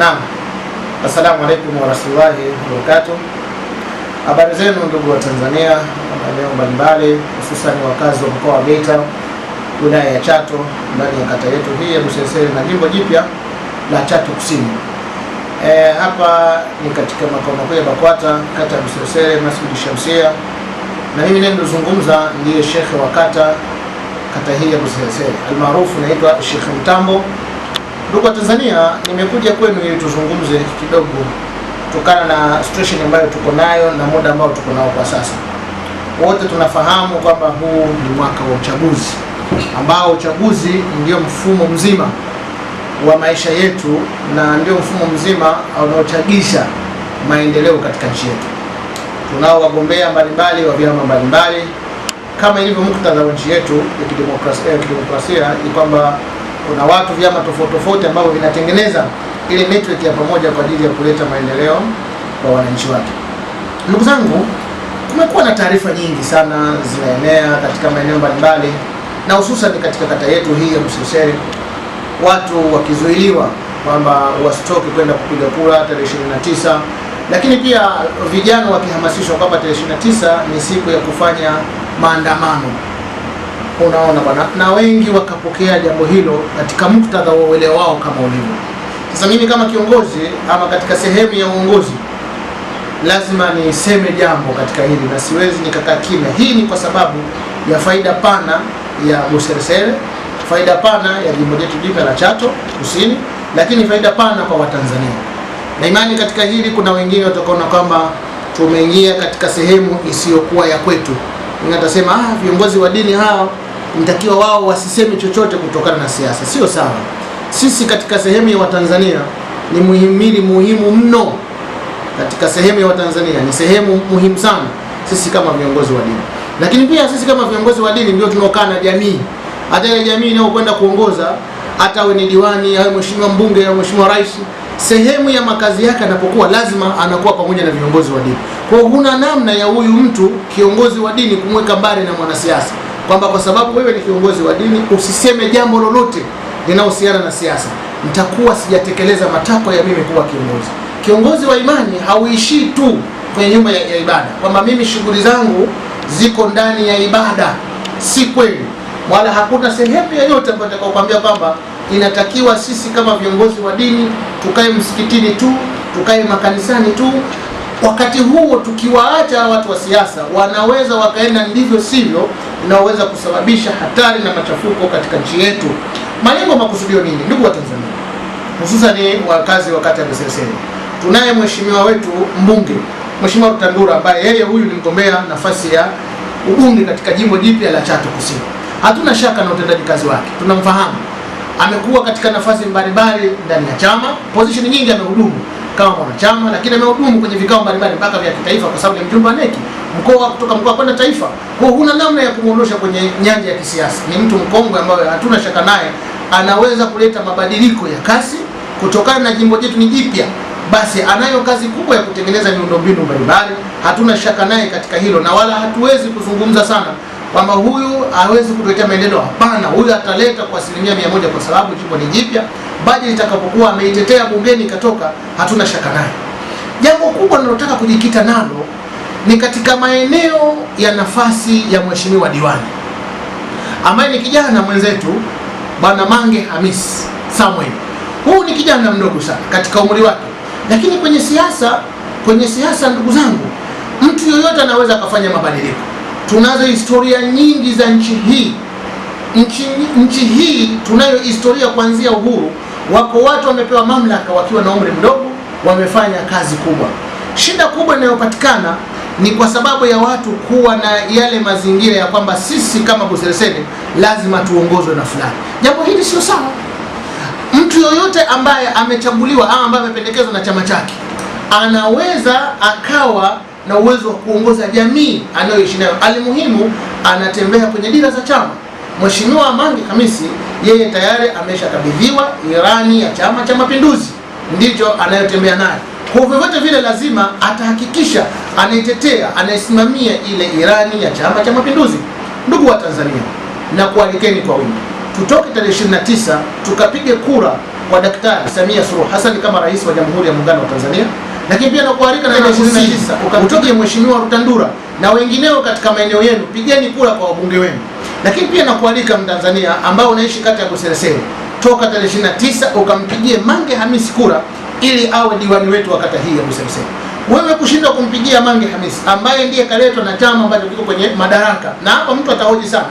Naam, assalamu alaikum warahmatullahi wabarakatuh. Habari zenu ndugu wa Tanzania maeneo mbalimbali, hususan wakazi wa mkoa wa Geita, wilaya ya Chato, ndani ya kata yetu hii ya Busesere na jimbo jipya la Chato Kusini. E, hapa ni katika makao makuu ya BAKWATA kata ya Busesere, Masjid Shamsia, na mimi ninayezungumza ndiye shekhe wa kata kata hii ya Busesere almaarufu naitwa Sheikh Mtambo Ndugu wa Tanzania, nimekuja kwenu ili tuzungumze kidogo kutokana na situation ambayo tuko nayo na muda ambao tuko nao kwa sasa. Wote tunafahamu kwamba huu ni mwaka wa uchaguzi, ambao uchaguzi ndio mfumo mzima wa maisha yetu na ndio mfumo mzima unaochagisha maendeleo katika nchi yetu. Tunao wagombea mbalimbali wa vyama mbalimbali, kama ilivyo muktadha wa nchi yetu ya kidemokrasia, ni kwamba kuna watu vyama tofauti tofauti ambavyo vinatengeneza ile network ya pamoja kwa ajili ya kuleta maendeleo kwa wananchi wake. Ndugu zangu, kumekuwa na taarifa nyingi sana zinaenea katika maeneo mbalimbali na hususan katika kata yetu hii ya Msesere, watu wakizuiliwa kwamba wasitoke kwenda kupiga kura tarehe 29, lakini pia vijana wakihamasishwa kwamba tarehe 29 ni siku ya kufanya maandamano. Unaona bwana, na wengi wakapokea jambo hilo katika muktadha wa uelewa wao kama ulivyo sasa. Mimi kama kiongozi ama katika sehemu ya uongozi lazima niseme jambo katika hili na siwezi nikakaa kimya. Hii ni kwa sababu ya faida pana ya Buseresere, faida pana ya jimbo letu jipya la Chato Kusini, lakini faida pana kwa Watanzania na imani katika hili. Kuna wengine watakaona kwamba tumeingia katika sehemu isiyokuwa ya kwetu, ingatasema ah, viongozi wa dini hao mtakiwa wao wasiseme chochote kutokana na siasa, sio sawa. Sisi katika sehemu ya Watanzania ni muhimili muhimu mno, katika sehemu ya Watanzania ni sehemu muhimu sana, sisi kama viongozi wa dini. Lakini pia sisi kama viongozi wa dini ndio tunaokaa na jamii, hata ile jamii inayokwenda kuongoza, hata awe ni diwani, awe mheshimiwa mbunge, awe mheshimiwa rais, sehemu ya makazi yake anapokuwa, lazima anakuwa pamoja na viongozi wa dini. Kwa huna namna ya huyu mtu kiongozi wa dini kumweka mbali na mwanasiasa kwamba kwa sababu wewe ni kiongozi wa dini usiseme jambo lolote linalohusiana na siasa, nitakuwa sijatekeleza matakwa ya mimi kuwa kiongozi. Kiongozi wa imani hauishii tu kwenye nyumba ya, ya ibada, kwamba mimi shughuli zangu ziko ndani ya ibada. Si kweli, wala hakuna sehemu yoyote ambayo nitakokuambia kwamba inatakiwa sisi kama viongozi wa dini tukae msikitini tu, tukae makanisani tu. Wakati huo tukiwaacha watu wa siasa, wanaweza wakaenda ndivyo sivyo unaoweza kusababisha hatari na machafuko katika nchi yetu. Malengo makusudio nini, ndugu wa Tanzania, hususan ni wakazi wa kata ya Miseseni? Tunaye mheshimiwa wetu mbunge Mheshimiwa Rutandura ambaye yeye huyu ni mgombea nafasi ya ubunge katika jimbo jipya la Chato Kusini. Hatuna shaka na utendaji kazi wake, tunamfahamu. Amekuwa katika nafasi mbalimbali ndani ya chama, position nyingi amehudumu kama mwanachama, lakini amehudumu kwenye vikao mbalimbali mpaka vya kitaifa, kwa sababu ni mjumbe wa NEC mkoa kutoka mkoa kwenda taifa. Kwa huna namna ya kumwondosha kwenye nyanja ya kisiasa. Ni mtu mkongwe ambaye hatuna shaka naye anaweza kuleta mabadiliko ya kasi kutokana na jimbo letu ni jipya, basi anayo kazi kubwa ya kutengeneza miundombinu mbalimbali. Hatuna shaka naye katika hilo, na wala hatuwezi kuzungumza sana kwamba huyu hawezi kutuletea maendeleo. Hapana, huyu ataleta kwa asilimia mia moja kwa sababu jimbo ni jipya. Bajeti itakapokuwa ameitetea bungeni ikatoka, hatuna shaka naye. Jambo kubwa ninalotaka kujikita nalo ni katika maeneo ya nafasi ya mheshimiwa diwani ambaye ni kijana mwenzetu Bwana Mange Hamis Samuel. Huu ni kijana mdogo sana katika umri wake, lakini kwenye siasa, kwenye siasa, ndugu zangu, mtu yoyote anaweza akafanya mabadiliko. Tunazo historia nyingi za nchi hii nchi, nchi hii tunayo historia kuanzia uhuru. Wako watu wamepewa mamlaka wakiwa na umri mdogo, wamefanya kazi kubwa. Shida kubwa inayopatikana ni kwa sababu ya watu kuwa na yale mazingira ya kwamba sisi kama Buseresere lazima tuongozwe na fulani. Jambo hili sio sawa. Mtu yoyote ambaye amechaguliwa ama ambaye amependekezwa na chama chake anaweza akawa na uwezo wa kuongoza jamii anayoishi nayo. Alimuhimu anatembea kwenye dira za chama. Mheshimiwa Mange Kamisi yeye tayari ameshakabidhiwa irani ya Chama cha Mapinduzi, ndicho anayotembea nayo. Kwa vyovyote vile lazima atahakikisha anaitetea, anaisimamia ile Irani ya Chama cha Mapinduzi. Ndugu wa Tanzania, na kualikeni kwa wingi tutoke tarehe 29 tukapige kura kwa Daktari Samia Suluhu Hassan kama rais wa Jamhuri ya Muungano wa Tanzania, lakini pia nakualika na tarehe 29 utoke Mheshimiwa Rutandura na wengineo katika maeneo yenu, pigeni kura kwa wabunge wenu. Lakini pia nakualika Mtanzania ambao unaishi kata ya Buseresere, toka tarehe 29 ukampigie Mange Hamisi kura ili awe diwani wetu wa kata hii ya Busemsemi. Wewe kushinda kumpigia Mange Hamisi ambaye ndiye kaletwa na chama ambacho kiko kwenye madaraka, na hapa mtu atahoji sana,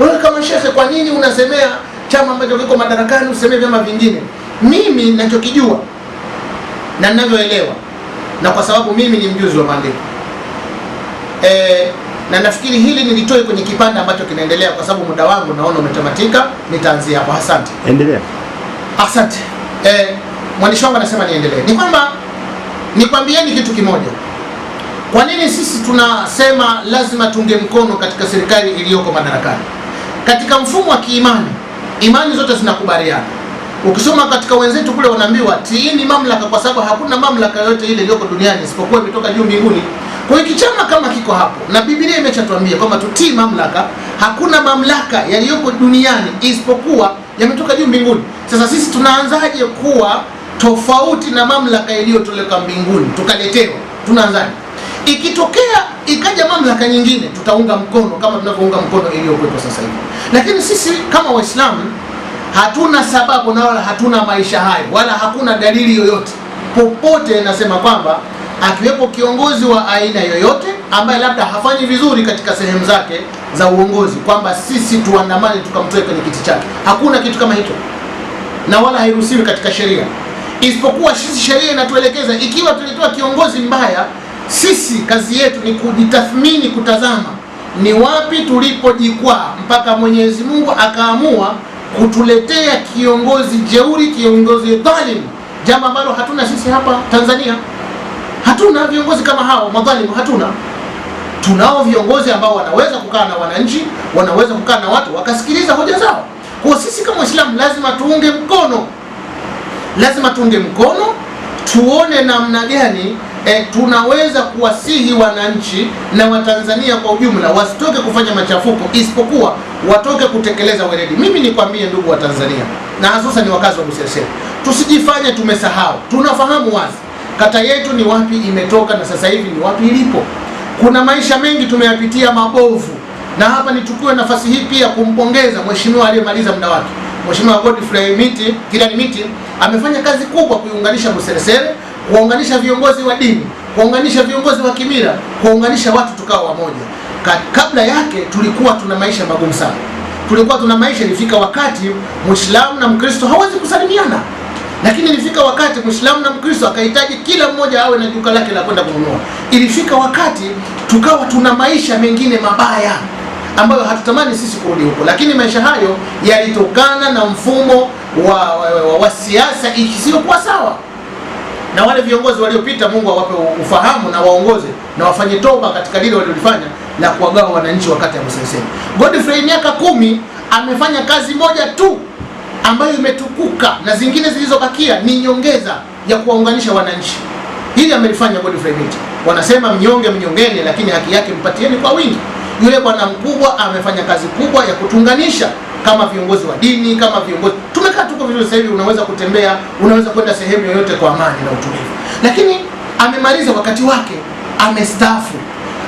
wewe kama shehe, kwa nini unasemea chama ambacho kiko madarakani usemee vyama vingine? Mimi ninachokijua na ninavyoelewa, na kwa sababu mimi ni mjuzi wa maandiko e, na nafikiri hili nilitoe kwenye kipande ambacho kinaendelea, kwa sababu muda wangu naona umetamatika. Nitaanzia hapo. Asante, endelea. Asante e, mwandishi wangu anasema niendelee, ni kwamba nikwambieni kitu kimoja. Kwa nini sisi tunasema lazima tunge mkono katika serikali iliyoko madarakani? Katika mfumo wa kiimani, imani zote zinakubaliana. Ukisoma katika wenzetu kule, wanaambiwa tiini mamlaka, kwa sababu hakuna mamlaka yoyote ile iliyoko duniani isipokuwa imetoka juu mbinguni. Kwa hiyo kichama kama kiko hapo, na Biblia imeshatuambia kwamba tutii mamlaka. Hakuna mamlaka yaliyoko duniani isipokuwa yametoka juu mbinguni. Sasa sisi tunaanzaje kuwa tofauti na mamlaka iliyotoleka mbinguni tukaletewa. tunadhani Ikitokea ikaja mamlaka nyingine, tutaunga mkono kama tunavyounga mkono iliyokuwepo sasa hivi, lakini sisi kama Waislamu hatuna sababu na wala hatuna maisha hayo wala hakuna dalili yoyote popote inasema kwamba akiwepo kiongozi wa aina yoyote ambaye labda hafanyi vizuri katika sehemu zake za uongozi kwamba sisi tuandamane tukamtoe kwenye kiti chake. Hakuna kitu kama hicho, na wala hairuhusiwi katika sheria isipokuwa sisi sheria inatuelekeza ikiwa tulitoa kiongozi mbaya, sisi kazi yetu ni kujitathmini, kutazama ni wapi tulipojikwaa mpaka Mwenyezi Mungu akaamua kutuletea kiongozi jeuri, kiongozi dhalimu, jambo ambalo hatuna sisi hapa Tanzania. Hatuna viongozi kama hao madhalimu, hatuna. Tunao viongozi ambao wanaweza kukaa na wananchi, wanaweza kukaa na watu wakasikiliza hoja zao. Kwa sisi kama Waislamu lazima tuunge mkono lazima tunge mkono tuone namna gani e, tunaweza kuwasihi wananchi na Watanzania kwa ujumla wasitoke kufanya machafuko, isipokuwa watoke kutekeleza weledi. Mimi nikwambie ndugu wa Tanzania na hasusa ni wakazi wa Buseresere, tusijifanye tumesahau. Tunafahamu wazi kata yetu ni wapi imetoka na sasa hivi ni wapi ilipo. Kuna maisha mengi tumeyapitia mabovu, na hapa nichukue nafasi hii pia kumpongeza mheshimiwa aliyemaliza muda wake Mheshimiwa Godfrey Miti Kidani Miti amefanya kazi kubwa kuiunganisha Buseresere, kuwaunganisha viongozi wa dini, kuunganisha viongozi wa kimila, kuunganisha watu tukawa wamoja. Kabla yake tulikuwa tuna maisha magumu sana, tulikuwa tuna maisha, ilifika wakati Muislamu na Mkristo hawezi kusalimiana, lakini ilifika wakati Muislamu na Mkristo akahitaji kila mmoja awe na duka lake la kwenda kununua. Ilifika wakati tukawa tuna maisha mengine mabaya ambayo hatutamani sisi kurudi huko, lakini maisha hayo yalitokana na mfumo wa, wa, wa, wa siasa isiyokuwa sawa na wale viongozi waliopita. Mungu awape ufahamu na waongoze na wafanye toba katika lile walilofanya la kuwagawa wananchi wakati ya Museveni. Godfrey miaka kumi amefanya kazi moja tu ambayo imetukuka na zingine zilizobakia ni nyongeza ya kuwaunganisha wananchi. Hili amelifanya Godfrey Miti. Wanasema mnyonge mnyongeni, lakini haki yake mpatieni kwa wingi yule bwana mkubwa amefanya kazi kubwa ya kutunganisha kama viongozi wa dini, kama viongozi tumekaa tuko vizuri. Sasa hivi unaweza kutembea, unaweza kwenda sehemu yoyote kwa amani na utulivu, lakini amemaliza wakati wake, amestaafu,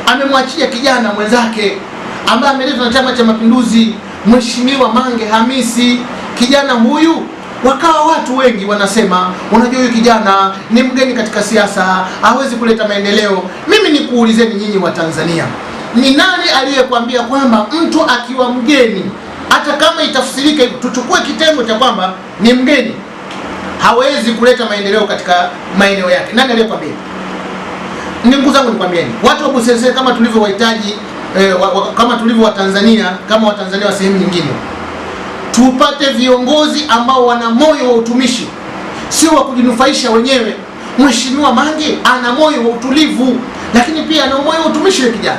amemwachia kijana mwenzake ambaye ameletwa na Chama cha Mapinduzi, Mheshimiwa Mange Hamisi. Kijana huyu wakawa watu wengi wanasema, unajua huyu kijana ni mgeni katika siasa, hawezi kuleta maendeleo. Mimi nikuulizeni nyinyi wa tanzania ni nani aliyekwambia kwamba mtu akiwa mgeni, hata kama itafsirika, tuchukue kitengo cha kwamba ni mgeni, hawezi kuleta maendeleo katika maeneo yake? Nani aliyekwambia? Ndugu zangu, nikwambieni watu wa Busese kama tulivyowahitaji eh, wa, wa, kama tulivyo Watanzania kama Watanzania wa sehemu nyingine, tupate viongozi ambao wana moyo wa utumishi, sio wa kujinufaisha wenyewe. Mheshimiwa Mange ana moyo wa utulivu, lakini pia ana moyo wa utumishi kijana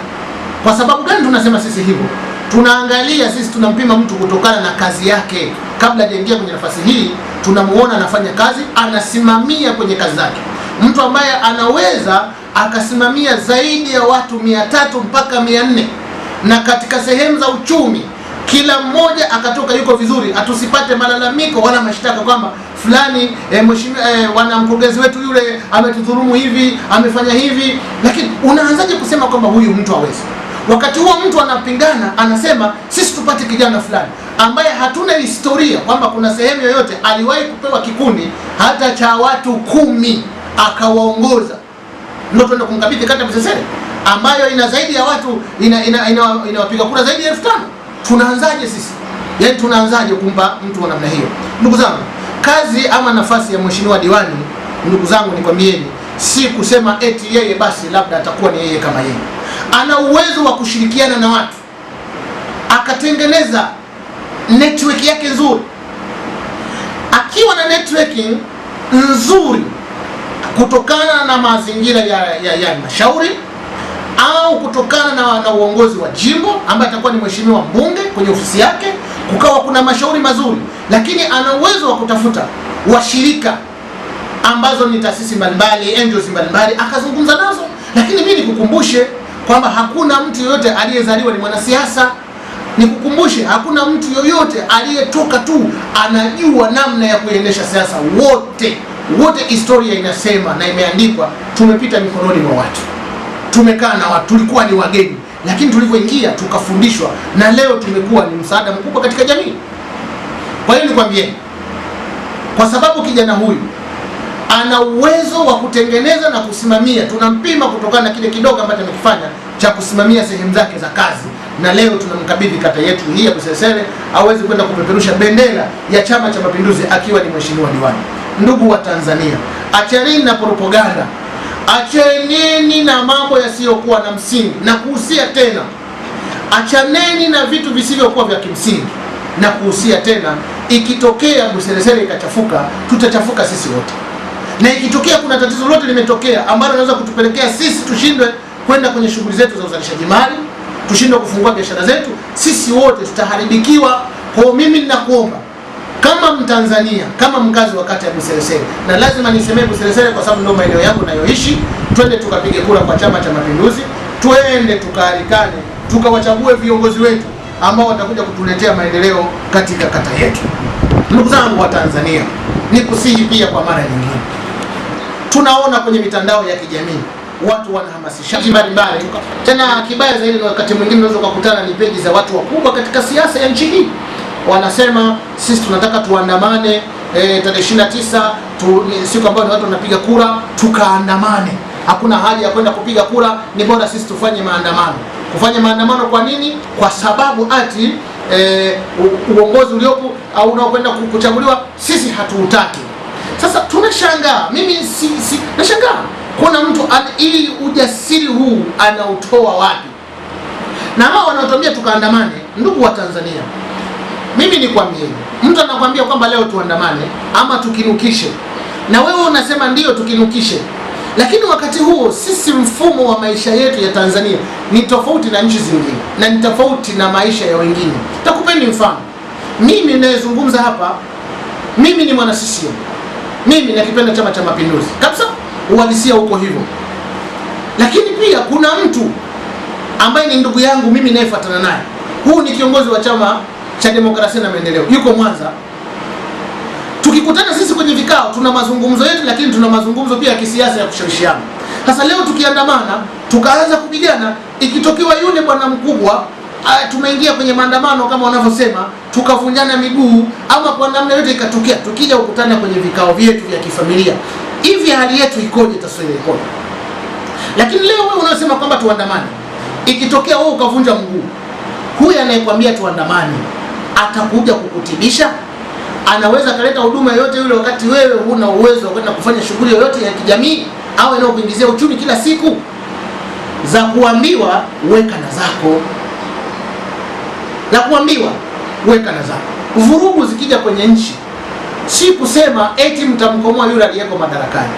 kwa sababu gani tunasema sisi hivyo? Tunaangalia sisi, tunampima mtu kutokana na kazi yake. Kabla hajaingia kwenye nafasi hii, tunamuona anafanya kazi, anasimamia kwenye kazi zake. Mtu ambaye anaweza akasimamia zaidi ya watu mia tatu mpaka mia nne na katika sehemu za uchumi kila mmoja akatoka yuko vizuri, atusipate malalamiko wala mashtaka kwamba fulani e, mheshimiwa e, eh, wana mkurugenzi wetu yule ametudhulumu hivi, amefanya hivi. Lakini unaanzaje kusema kwamba huyu mtu hawezi? Wakati huo mtu anapingana, anasema sisi tupate kijana fulani ambaye hatuna historia kwamba kuna sehemu yoyote aliwahi kupewa kikundi hata cha watu kumi akawaongoza, ndio tuende kumkabidhi kata Busesere ambayo ina zaidi ya watu ina ina inawapiga ina, ina kura zaidi ya elfu tano. Tunaanzaje sisi? Yaani tunaanzaje kumpa mtu wa namna hiyo? Ndugu zangu, kazi ama nafasi ya mheshimiwa diwani, ndugu zangu, nikwambieni, si kusema eti yeye basi labda atakuwa ni yeye kama yeye ana uwezo wa kushirikiana na watu, akatengeneza network yake nzuri. Akiwa na networking nzuri kutokana na mazingira ya halmashauri au kutokana na, na uongozi wa jimbo ambaye atakuwa ni mheshimiwa mbunge kwenye ofisi yake, kukawa kuna mashauri mazuri, lakini ana uwezo wa kutafuta washirika ambazo ni taasisi mbalimbali, NGOs mbalimbali, akazungumza nazo. Lakini mimi nikukumbushe kwamba hakuna mtu yoyote aliyezaliwa ni mwanasiasa. Nikukumbushe, hakuna mtu yoyote aliyetoka tu anajua namna ya kuendesha siasa. Wote wote, historia inasema na imeandikwa, tumepita mikononi mwa watu, tumekaa na watu, tulikuwa ni wageni, lakini tulivyoingia tukafundishwa, na leo tumekuwa ni msaada mkubwa katika jamii. Kwa hiyo nikwambie, kwa sababu kijana huyu ana uwezo wa kutengeneza na kusimamia. Tunampima kutokana na kile kidogo ambacho amekifanya cha kusimamia sehemu zake za kazi, na leo tunamkabidhi kata yetu hii ya Busesere aweze kwenda kupeperusha bendera ya Chama cha Mapinduzi akiwa ni mheshimiwa diwani. Ndugu wa Tanzania, achaneni na propaganda, achaneni na mambo yasiyokuwa na msingi, na kuhusia tena, achaneni na vitu visivyokuwa vya kimsingi na kuhusia tena. Ikitokea Busesere ikachafuka, tutachafuka sisi wote na ikitokea kuna tatizo lote limetokea ambalo linaweza kutupelekea sisi tushindwe kwenda kwenye shughuli zetu za uzalishaji mali, tushindwe kufungua biashara zetu, sisi wote tutaharibikiwa. Kwa mimi ninakuomba kama Mtanzania, kama mkazi wa kata ya Buseresere, na lazima nisemee Buseresere kwa sababu ndio maeneo yangu nayoishi, twende tukapige kura kwa Chama cha Mapinduzi, twende tukaalikane, tukawachague viongozi wetu ambao watakuja kutuletea maendeleo katika kata yetu. Ndugu zangu wa Tanzania, nikusihi pia kwa mara nyingine Tunaona kwenye mitandao ya kijamii watu wanahamasisha mbalimbali. Tena kibaya zaidi, na wakati mwingine unaweza ukakutana ni peji za watu wakubwa katika siasa ya nchi hii, wanasema sisi tunataka tuandamane e, tarehe 29 tu, siku ambayo watu wanapiga kura, tukaandamane. Hakuna haja ya kwenda kupiga kura, ni bora sisi tufanye maandamano. Kufanya maandamano kwa nini? Kwa sababu ati e, uongozi uliopo au unaokwenda kuchaguliwa sisi hatuutaki. Sasa tunashangaa, mimi si, si, nashangaa kuna mtu ili ujasiri huu anautoa wapi? Na hao wanaotuambia tukaandamane, ndugu wa Tanzania, mimi nikwambie, mtu anakwambia kwamba leo tuandamane ama tukinukishe, na wewe unasema ndiyo tukinukishe, lakini wakati huo sisi mfumo wa maisha yetu ya Tanzania ni tofauti na nchi zingine na ni tofauti na maisha ya wengine. Takupeni mfano, mimi ninayezungumza hapa, mimi ni mwana CCM mimi nakipenda Chama cha Mapinduzi kabisa, uhalisia huko hivyo, lakini pia kuna mtu ambaye ni ndugu yangu mimi nayefuatana naye, huu ni kiongozi wa Chama cha Demokrasia na Maendeleo, yuko Mwanza. Tukikutana sisi kwenye vikao, tuna mazungumzo yetu, lakini tuna mazungumzo pia ya kisiasa ya kushirikiana. Sasa leo tukiandamana, tukaanza kupigana, ikitokewa yule bwana mkubwa Ah, tumeingia kwenye maandamano kama wanavyosema, tukavunjana miguu ama kwa namna yote ikatokea, tukija kukutana kwenye vikao vyetu vya kifamilia hivi, hali yetu ikoje? Taswira ikoje? Lakini leo wewe unasema kwamba tuandamane, ikitokea wewe ukavunja mguu, huyu anayekwambia tuandamane atakuja kukutibisha? Anaweza akaleta huduma yoyote yule, wakati wewe huna uwezo wa kwenda kufanya shughuli yoyote ya kijamii au inayokuingizia uchumi kila siku? Za kuambiwa weka na zako na kuambiwa weka na Vurugu zikija kwenye nchi, si kusema eti mtamkomoa yule aliyeko madarakani,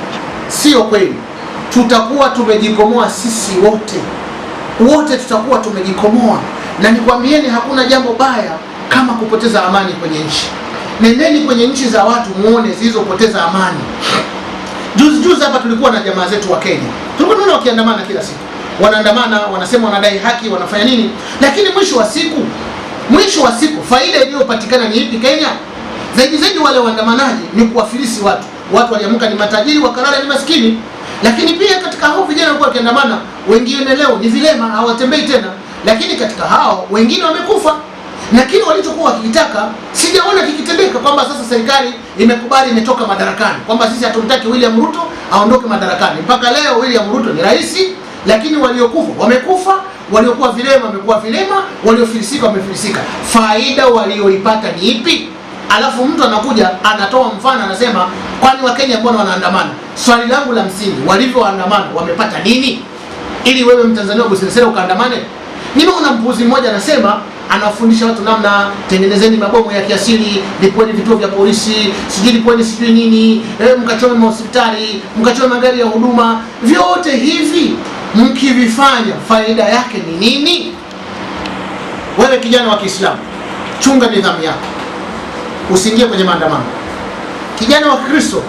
sio kweli. Tutakuwa tumejikomoa sisi wote, wote tutakuwa tumejikomoa, na nikwambieni, hakuna jambo baya kama kupoteza amani kwenye nchi. Nendeni kwenye nchi za watu muone zilizopoteza amani. Juzi juzi hapa tulikuwa na jamaa zetu wa Kenya, tulikuwa tunaona wakiandamana kila siku, wanaandamana wanasema wanadai haki, wanafanya nini, lakini mwisho wa siku Mwisho wa siku faida iliyopatikana ni ipi Kenya? Zaidi zaidi wale waandamanaji ni kuwafilisi watu. Watu waliamka ni matajiri, wakalala ni maskini. Lakini pia katika hao vijana walikuwa wakiandamana, wengine leo ni vilema, hawatembei tena, lakini katika hao wengine wamekufa na kile walichokuwa wakikitaka sijaona kikitendeka, kwamba sasa serikali imekubali, imetoka madarakani, kwamba sisi hatumtaki William Ruto aondoke madarakani. Mpaka leo William Ruto ni rais, lakini waliokufa wamekufa waliokuwa vilema wamekuwa vilema, waliofilisika wamefilisika. Faida walioipata ni ipi? Alafu mtu anakuja anatoa mfano anasema, kwani wakenya mbona wanaandamana? Swali langu la msingi, walivyoandamana wamepata nini? Ili wewe mtanzania wa Buseresere ukaandamane? Nimeona mpuzi mmoja anasema anafundisha watu namna tengenezeni mabomu ya kiasili, lipueni vituo vya polisi, sijui lipueni sijui nini, e, mkachome mahospitali, mkachome magari ya huduma. Vyote hivi mkivifanya faida yake ni nini? Wewe kijana wa Kiislamu, chunga nidhamu yako, usiingie kwenye maandamano. Kijana wa Kikristo,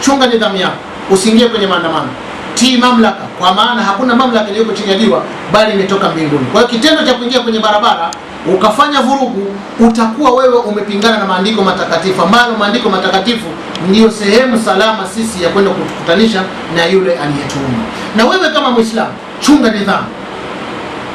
chunga nidhamu yako, usiingie kwenye maandamano. Tii mamlaka, kwa maana hakuna mamlaka iliyoko chini ya jua bali imetoka mbinguni. Kwa hiyo kitendo cha kuingia kwenye barabara ukafanya vurugu, utakuwa wewe umepingana na maandiko matakatifu, ambalo maandiko matakatifu ndiyo sehemu salama sisi ya kwenda kutukutanisha na yule aliyetuuma Na wewe kama Muislamu, chunga nidhamu,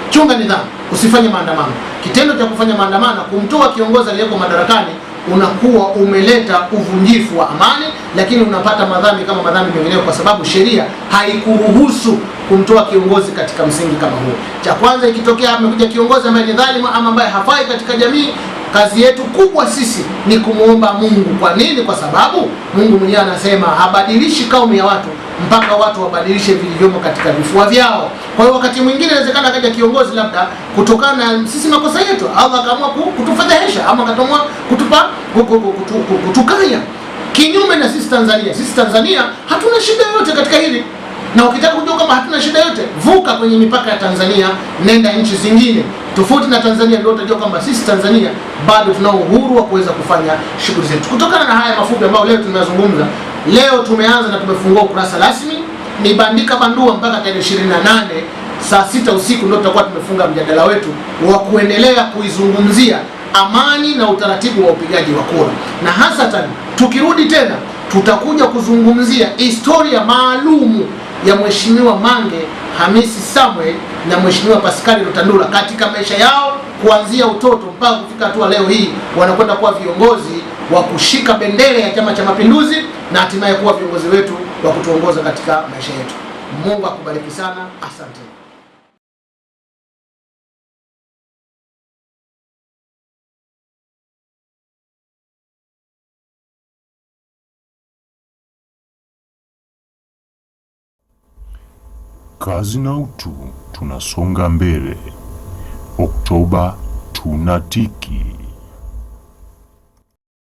chunga nidhamu, usifanye maandamano. Kitendo cha kufanya maandamano, kumtoa kiongozi aliyeko madarakani, unakuwa umeleta uvunjifu wa amani, lakini unapata madhambi kama madhambi mengineyo, kwa sababu sheria haikuruhusu kumtoa kiongozi katika msingi kama huo. Cha kwanza, ikitokea amekuja kiongozi ambaye ni dhalimu ama ambaye hafai katika jamii, Kazi yetu kubwa sisi ni kumwomba Mungu. Kwa nini? Kwa sababu Mungu mwenyewe anasema habadilishi kaumu ya watu mpaka watu wabadilishe vilivyomo katika vifua vyao. Kwa hiyo wakati mwingine inawezekana akaja kiongozi labda kutokana na sisi makosa yetu, au akaamua kutufedhehesha ama akaamua kutupa kutukanya kinyume na sisi Tanzania. Sisi Tanzania hatuna shida yoyote katika hili, na ukitaka kujua kama hatuna shida kutoka kwenye mipaka ya Tanzania nenda nchi zingine tofauti na Tanzania. Ndio utajua kwamba sisi Tanzania bado tunao uhuru wa kuweza kufanya shughuli zetu. Kutokana na haya mafupi ambayo leo tumeyazungumza, leo tumeanza na tumefungua ukurasa rasmi, ni bandika bandua mpaka tarehe 28 saa sita usiku ndio tutakuwa tumefunga mjadala wetu wa kuendelea kuizungumzia amani na utaratibu wa upigaji wa kura, na hasatan tukirudi tena tutakuja kuzungumzia historia maalumu ya Mheshimiwa Mange Hamisi Samwe na Mheshimiwa Pascal Rutandura katika maisha yao kuanzia utoto mpaka kufika hatua leo hii wanakwenda kuwa viongozi wa kushika bendera ya Chama cha Mapinduzi na hatimaye kuwa viongozi wetu wa kutuongoza katika maisha yetu. Mungu akubariki sana, asante. kazi na utu tunasonga mbele. Oktoba tunatiki.